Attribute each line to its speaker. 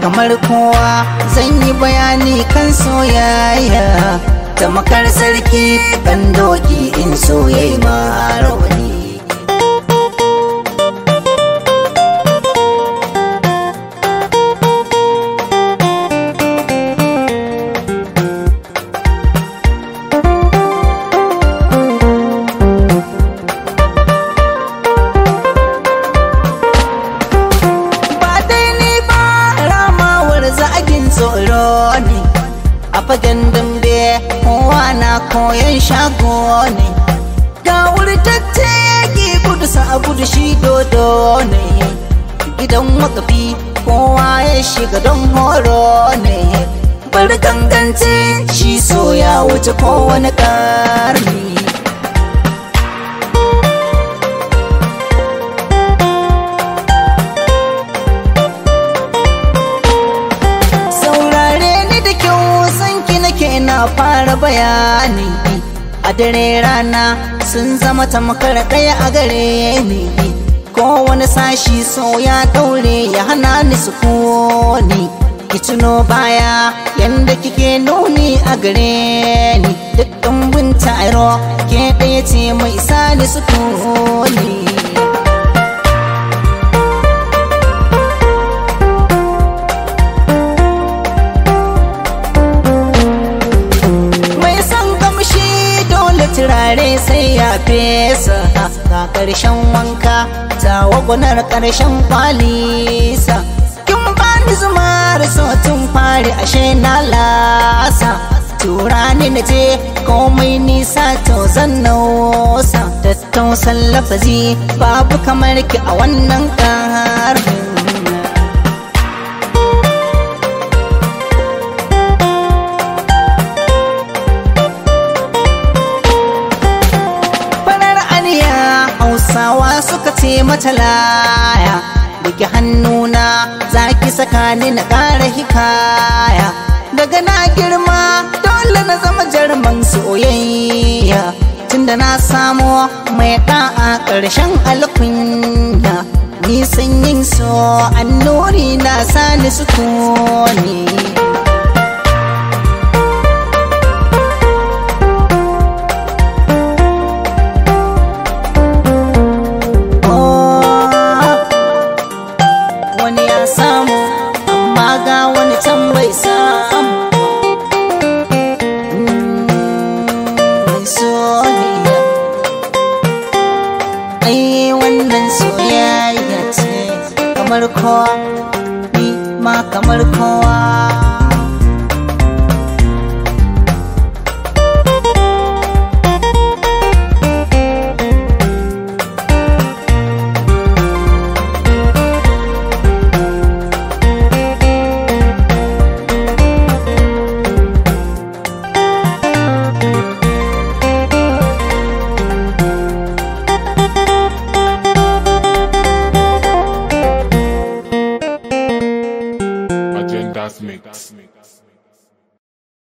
Speaker 1: kamar kowa zan yi bayani kan soyayya tamakar sarki kan doki in soyayya ma rauni fagen dambe kowa na koyan shago ne ga yake gudu sa a gudu shi dodo ne gidan wakafi kowa ya shiga don horo ne bari gangance shi so ya wuce kowane karni ƙara bayani a dare rana sun zama tamkar ɗaya a gare ni kowane sashi so ya daure ya hana ni sukuni ki tuno baya yanda kike nuni a gare ni dukkan bin taro ke ɗaya ce mai sani sukuni sai ya fesa ga ƙarshen wanka ta wagunar ƙarshen kwalisa kin bani zumar so tun fari ashe na lasa tura ni na je komai nisa to zan nausa tattausan lafazi babu kamar ki a wannan ƙarfi mata laya rike hannuna zaki saka ni na ƙara hikaya daga na girma dole na zama jarman soyayya tunda na samo mai ɗa'a ƙarshen alkunya nisan yin so annori na sani sukuni wani ya samu amma ga wani can bai samu mm, ai wannan soyayya ce kamar kowa ni ma kamar kowa mix.